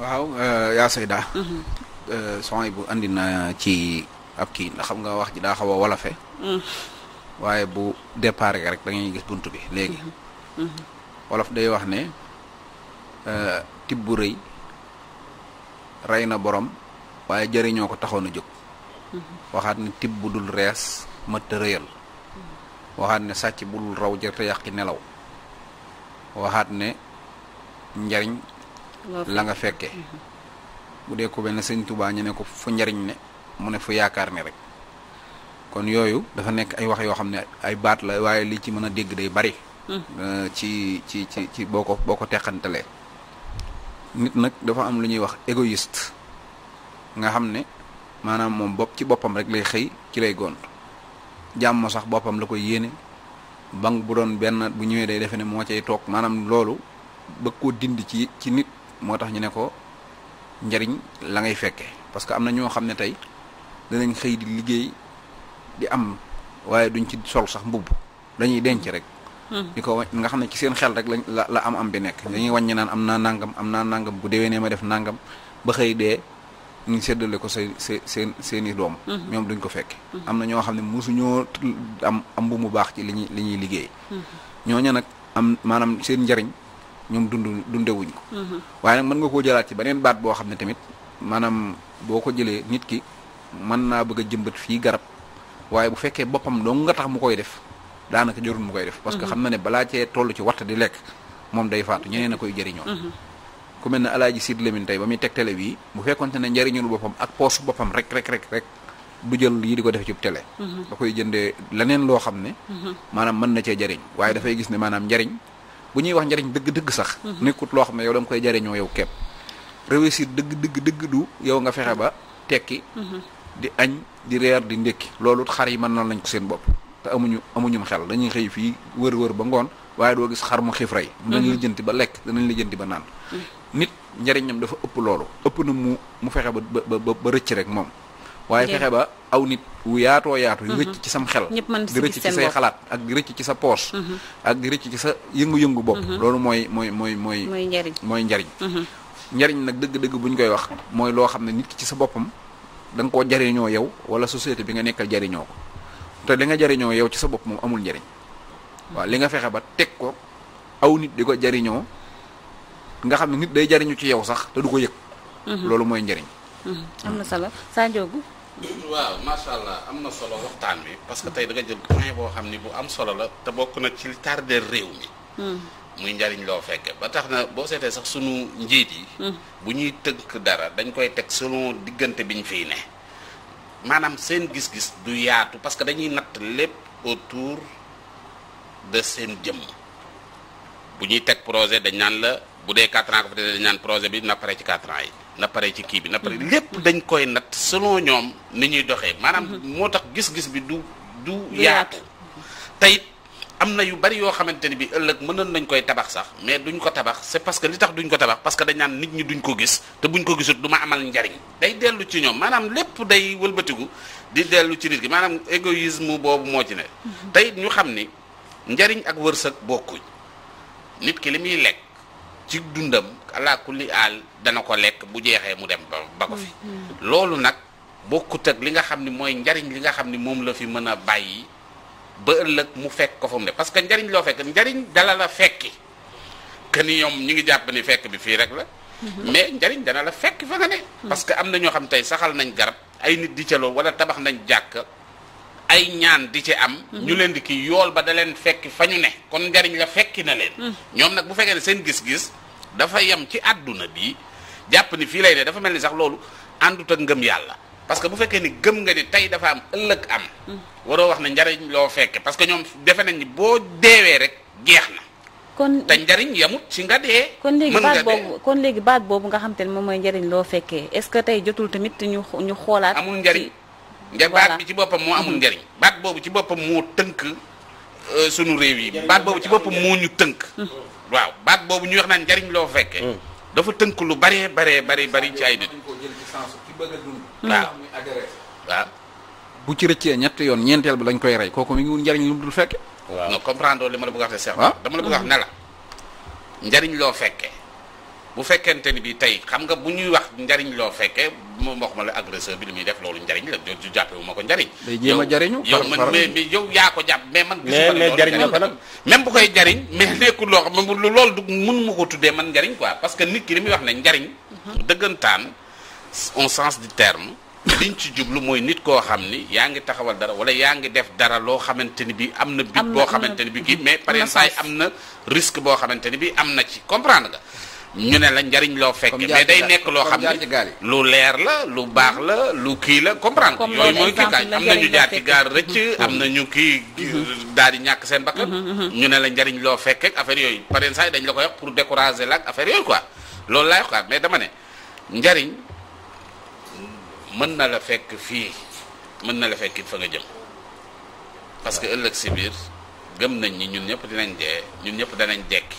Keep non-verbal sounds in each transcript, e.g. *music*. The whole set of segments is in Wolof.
waaw euh, yaa Seyda. Mhm. Euh, son bu andi na ci ab kii ndax xam nga wax ji daa xaw wolofe mhm. waaye bu départ rek da ngay gis bunt bi léegi. Mhm. wolof day wax ne euh, tib bu rëy rey na borom waaye jëriñoo ko taxoon a jóg. waxaat ne tib bu dul rees mëtt rëyal. waxaat ne sàcc bu dul raw jërte yàqi nelaw. waxaat ne njariñ la nga fekke bu dee ko benn ne sëñ ñu ne ko fu njariñ ne mu ne fu yaakaar ne rek kon yooyu dafa nekk ay wax yoo xam ne ay baat la waaye li ci mën a dégg day bari mm-hmm. euh, ci ci ci ci boo ko boo ko teqantalee nit nag dafa am lu ñuy wax égoïste nga xam ne maanaam moom bopp ci boppam rek lay xëy ci lay gont jàmm sax boppam la koy yéene banque bu doon benn bu ñëwee day defe ne moo cay toog maanaam loolu bëgg koo dindi ci nit moo tax ñu ne ko njariñ la ngay fekke parce que am na ñoo xam ne tey danañ xëy di liggéey di am waaye duñ ci sol sax mbubb dañuy denc rek. Hmm. di ko nga xam ne ci seen xel rek lañ la la am am bi nekk. dañuy wàññi naan am naa nangam am naa nangam bu nee ma def nangam ba xëy dee ñu séddale ko say say seen seen i doom. Hmm. ñoom duñ ko fekke hmm. am na ñoo xam ne mosuñoo am am mu baax ci li ñuy li ñuy liggéey. ñooñu nag am maanaam seen njariñ ñoom dund dundewuñ ko mm-hmm. waaye nag mën nga koo jëlaat ci beneen baat boo xam ne tamit maanaam boo ko jëlee nit ki mën naa bëgg a jëmbat fii garab waaye bu fekkee boppam dong nga tax mu koy def daanaka jorul mu koy def parce que mm-hmm. xam na ne balaa cee toll ci watt di lekk moom day faatu ñeneen a koy jëriñoo mm-hmm. ku mel ne alaaji Sidy Lamine tey ba muy teg télé bii bu fekkonte ne njëriñul boppam ak poos boppam rek rek rek rek du jël yi di ko def ci télé da koy jëndee leneen loo xam ne maanaam mën na cee jëriñ waaye dafay gis ne maanaam njëriñ bu ñuy wax njariñ dëgg-dëgg sax. Mhm. nekkut loo xam ne yow da koy jariñoo yow képp. réussir dëgg dëgg dëgg du yow nga fexe ba tekki. Mhm. di añ di reer di ndékki loolu xar yi mën na lañ ko seen bopp te amuñu amuñum xel dañuy xëy fii wër-wër ba ngoon waaye doo gis xar mu xiif rey. Mhm. danañ la jënti ba lekk danañ la jënti ba naan. nit njariñam dafa ëpp loolu. ëpp na mu mu fexe ba ba ba rëcc rek moom. waaye fexe ba aw nit wu yaatoo yaatu yu mhm. rëcc ci sam xel di rëcc ci say xalaat ak di rëcc ci sa poche mhm. ak di rëcc ci sa yëngu-yëngu bopp mhm. loolu mooy mooy mooy mooy mooy njariñ njariñ nag dëgg-dëgg buñ koy wax mooy xam ne nit ci sa boppam da nga koo jariñoo yow wala société bi nga nekkal jariñoo ko te li nga jariñoo yow ci sa bopp moom amul njariñ waaw li nga fexe ba teg ko aw nit di ko jariñoo nga xam ne nit day jariñu ci yow sax te du ko yëg loolu mooy njariñ am waaw macha allah am na solo waxtaan bi parce que tey da nga jël point boo xam ni bu am solo la te bokk na ci tardé réew mi. Hmm. muy njariñ loo fekke ba tax na boo seetee sax sunu njiit yi. Hmm. bu ñuy tënk dara dañ koy teg selon diggante biñ ñu ne. maanaam seen gis-gis du yaatu parce que dañuy natt lépp autour de seen jëmm bu ñuy teg projet dañ ñaan la bu dee 4 ans ko fa dañ naan projet bi na ci 4 ans yi. na pare ci kii bi na pare lépp dañ koy nat selon ñoom ni ñuy doxee maanaam mhm. moo tax gis-gis bi du du yaatu teyit am na yu bari yoo xamante ni bi ëllëg mënoon nañ koy tabax sax mais duñ ko tabax c'est parce que li tax duñ ko tabax parce que dañ naan nit ñi duñ ko gis te buñ ko gisut du ma amal njariñ day dellu ci ñoom maanaam lépp day wëlbatiku di dellu ci nit gi maanaam égoïsme boobu moo ci ne mhm. tey ñu xam ni njariñ ak wërsëg bokkuñ nit ki li muy lekk ci dundam ala kulli dana ko lekk bu jeexee mu dem ba ko fi mm-hmm. Mm-hmm. loolu nag bokkut ak li nga xam ni mooy njariñ li nga xam ni moom la fi mën a bàyyi ba ëllëg mu fekk ko fa mu ne parce que njariñ loo fekk njariñ dala la fekki que ni ñu ngi jàpp fekk bi fii rek la mm-hmm. mais njariñ dana la fekk fa nga ne parce que am na ñoo xam tey saxal nañ garab ay nit di ca loolu wala tabax nañ jàkk ay ñaan di ci am. Mhm. ñu leen di kii yool ba da leen fekki fa ñu ne kon njariñ la fekki na leen. Mhm. ñoom nag bu fekkee ne seen gis-gis dafa yem ci àdduna bi jàpp ni fii lay ne dafa mel ni sax loolu àndut ak ngëm yàlla parce que bu fekkee ni gëm nga ni tey dafa am ëllëg am. Mhm. waroo wax na njariñ loo fekkee parce que ñoom defe nañ ni boo deewee rek geex na. kon te njariñ yamut ci nga dee. kon léegi baat boobu kon léegi baat boobu nga xam te ne moom mooy njariñ loo fekkee est-ce que tey jotul tamit ñu ñu xoolaat. amul njariñ nga baat bi ci boppam moo amul mhm. njariñ baat boobu ci boppam moo tënk euh, sunu réew yi baat boobu ci boppam moo ñu tënk mhm. waaw baat boobu ñu wax naan njariñ loo fekkee mhm. dafa tënk lu bare bare bare bari ci ay nit waaw waaw bu ci rëccee ñett yoon ñeenteel bi lañ koy rey kooku mi ngi wut njariñ lu dul fekke non comprendre li ma la bëgg a wax te seex la njariñ loo fekkee bu fekkente ni bi tey xam nga bu ñuy wax njariñ loo fekkee moo wax ma la agresseur bi li muy def loolu njariñ la du jàppewu ma ko njariñ a jariñu yow man mais yow yaa ko jàpp mais man gisuma jariñ na ko même bu koy jariñ mais nekkul loo xam ne loolu du mun ma ko tuddee man njariñ quoi parce que nit ki li muy wax ne njariñ mhm. dëggantaan en sens du terme liñ ci jublu mooy nit koo xam ni yaa ngi taxawal dara wala yaa ngi def dara loo xamante ni bi am na bit boo xamante ni bi kii mhm. mais par exemple am na risque boo xamante ni bi am na ci comprendre nga ñu ne la njariñ loo fekk mais day nekk loo xam ne lu leer la lu baax la lu kii la comprendre yooyu mooy kii kaay am na ñu jaar gaar rëcc mhm. am na ñu kii mhm. daal di ñàkk seen bakkan mhm, ñu ne la njariñ loo fekk ak affaire yooyu par exemple dañ la ko wax pour décourager la ak affaire yooyu quoi loolu laay quoi mais dama ne njariñ mën na la fekk fii mën na la fekk fa nga jëm parce que ëllëg si biir gëm nañ ñi ñun ñëpp dinañ dee ñun ñëpp danañ dekki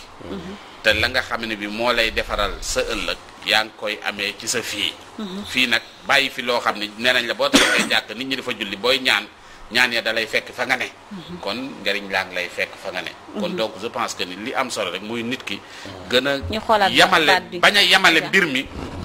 te la nga xam ne bi moo lay defaral sa ëllëg yaa ngi koy amee ci sa fii mhm. fii nag bàyyi fi loo xam ne nee nañ la boo taxawee jàkk nit ñi dafa julli booy ñaan ñaan ya da lay fekk fa nga ne mhm. kon njariñ laa ngi lay fekk fa nga ne mhm. kon donc je pense que nit li am solo rek muy nit ki gën a yamale bañ a yamale mbir mi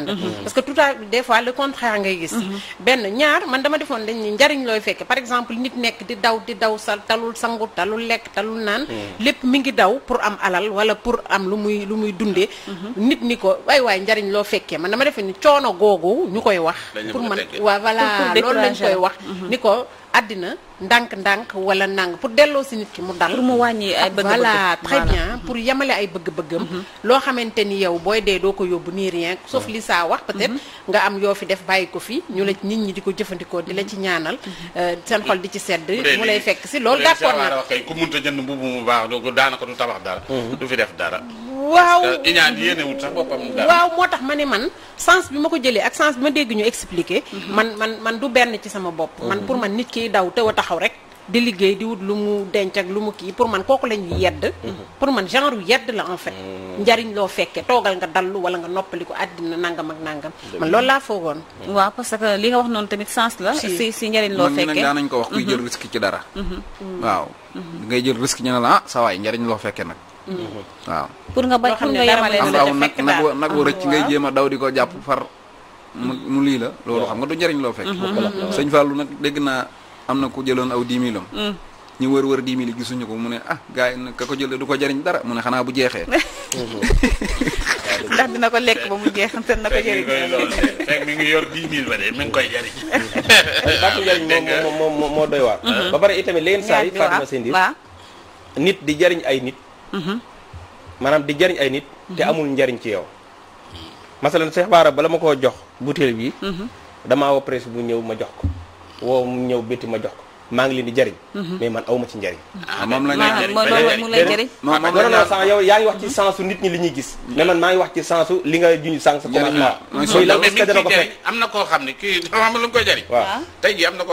ànd mhm. parce que tout à des fois le contraire ngay gis mhm. benn ñaar man dama defoon dañ ni njariñ looy fekke par exemple nit nekk di daw di daw sa talul sangu talul lekk talul naan mhm. lépp mi ngi daw pour am alal wala pour am lu muy lu muy dundee nit ni ko waay waay njariñ loo fekkee man dama defe ni coono googu ñu koy wax pour man waa voilà loolu lañ koy wax ni ko àddina ndànk-ndànk wala nàng pour delloo si nit ki mu dal. pour mu wàññi ak bëgg très bien pour yemale ay bëgg-bëggam. Mm-hmm. loo xamante ni yow booy dee doo ko yóbbu nii rien sauf li saa wax peut mm-hmm. nga am yoo fi def bàyyi ko fi ñu la nit ñi di ko jëfandikoo di la ci mm-hmm. ñaanal. Euh, seen xol di ci sedd. mu lay fekk si loolu d'accord na ku munta mu baax daanaka du tabax dara. du fi def dara. waaw parce que iñaan moo tax ma ne man sens bi ma ko jëlee ak sens bi ma dégg ñu expliqué. Mhm. man man man du benn ci sama bopp. man mhm. pour man nit kiy daw te wa taxaw rek. di liggéey di wut lu mu denc ak lu mu kii pour man kooku la ñuy mhm. yedd. pour man genre yedd la en fait. njariñ loo fekke toogal nga dallu wala nga noppali ko àddina nangam ak nangam. man loolu laa foogoon. waaw parce que li nga wax noonu tamit sens la. si si njariñ loo fekkee moom ko wax kuy jël risque ci dara. waaw. ngay jël risque ñu ne la ah saa waay njariñ Mm. waaw. pour nga bañ pour nga yemale am aw nag nag nag wu rëcc ngay mm-hmm. jéema daw di ko jàpp far. mu lii la loolu xam nga du njëriñ loo fekk. Mm-hmm. Mm-hmm. sëñ Fallou nag dégg naa am na ku jëloon aw 10 000 mm. ñu wër wër 10 000 gisuñu ko mu ne ah gars yi nag ko jël du ko jëriñ dara mu ne xanaa bu jeexee. *laughs* ndax dina ko lekk ba mu jeexantal na ko jëriñ. fekk mi ngi yor 10 000 ba de mi ngi koy jëriñ. baatu njëriñ moom moo moo doy waar. ba pare itamit leen saa yi Fatima Seydi nit di jëriñ ay nit. maanaam di jariñ ay nit te amul njariñ ci yow masalan Cheikh Bara bala ma ko jox butéel bi mhm. damaa woo bu ñëw ma jox ko woo mu ñëw bétti ma jox ko maa ngi leen di jariñ mhm. mais man awma ci njariñ ah, moom la lay jariñ moom non sans yow yaa ngi wax ci sensu nit ñi li ñuy gis mais mm-hmm. man maa ngi wax ci sensu li nga juñu sens ne kii xam lu nga koo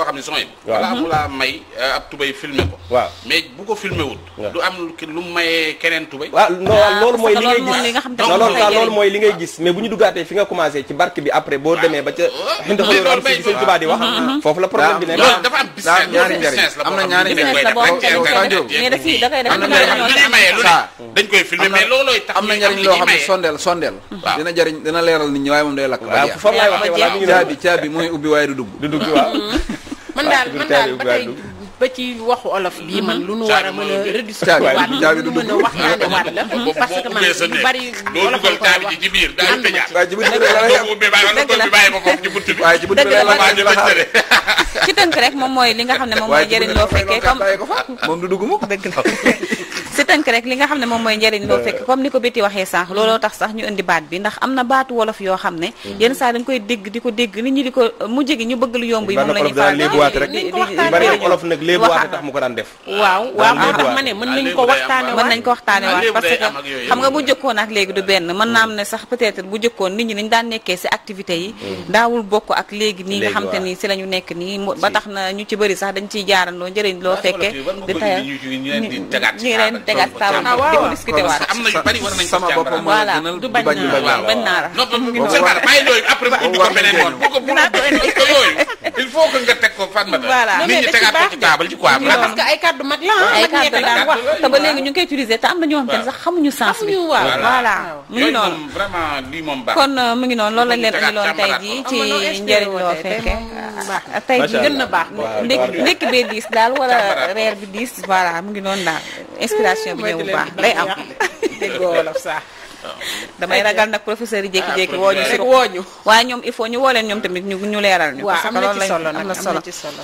xam ne son mm-hmm. euh, ko waaw mais bu ko filmé wut du am lu mayee keneen tubay waaw non ah, loolu mooy li ngay gis non loolu sa loolu mooy li ngay gis mais bu ñu duggaatee fi nga commencé ci barke bi après boo demee ba ca xindaxaloolu oh. *laughs* am si sëñ tubaa di wax mm-hmm. foofu la problème bi nekk ñaari njariñ am na ñaari njariñ dañ koy filmer mais loolooy tax am na njariñ loo xam ne sondeel sondeel dina jariñ dina leeral nit ñi waaye moom day lakk caabi caabi mooy ubbi waaye du dugg du dugg waaw *laughs* man daal man daal ba tey ba ci waxu olof bii man lu nu war a mën a redistribuer waat lu nu mën a waxtaane waat la parce que man lu bari olof la koy wax ci biir daal di tëjaat waaye rek moom mooy li nga xam ne moom mooy njëriñ loo fekkee comme du dugg mu dëgg la ci xam ne moom mooy njëriñ loo fekkee comme ni ko béti waxee sànq looloo tax sax ñu indi baat bi ndax am na baatu wolof yoo xam ne mm. yenn saa dañ koy dégg di ko dégg nit ñi di ko mu gi ñu bëgg lu yomb yi moom la ñuy faral di léebuwaate tax mu ko daan def waaw waaw moo ah, ah, tax ma ne mën ah, nañ ko waxtaane mën nañ ko waxtaane waat parce que xam nga bu jëkkoon ak léegi du benn mën naa am ne sax peut-être bu jëkkoon nit ñi dañ daan nekkee si activités yi mm. daawul bokk ak léegi nii nga xam te ni si la ñu nekk nii ba tax na ñu ci bari sax dañ ciy jaarandoo njëriñ loo fekkee di tayal ñu leen tegaat table di ko discuter waat sama boppam voilà du bañ naa bañ naa la bàyyi *laughs* yooyu il faut que nga teg ko Fatma voilà table ji quoi. parce que ay kàddu mag la ah, ay kàddu daan wax te ba léegi ñu ngi koy utiliser te am na ñoo xam ne sax xamuñu sens bi. voilà mu ngi noonu vraiment lii moom baax kon euh, mu ngi noonu loolu lañ leen andi loon tey jii ci njëriñ loo fekke ah, tey jii gën na baax ndékki ndékki bee diis daal wala reer bi diis voilà mu ngi noonu daal inspiration bi ñëw bu baax day am déggoo wolof sax *laughs* damay ragal nag professeur yi jékki-jékki woo ñu si woo ñu waaye ñoom il faut ñu woo leen ñoom tamit ñu ñu leeral ñu. waaw am na ci solo nag am na solo.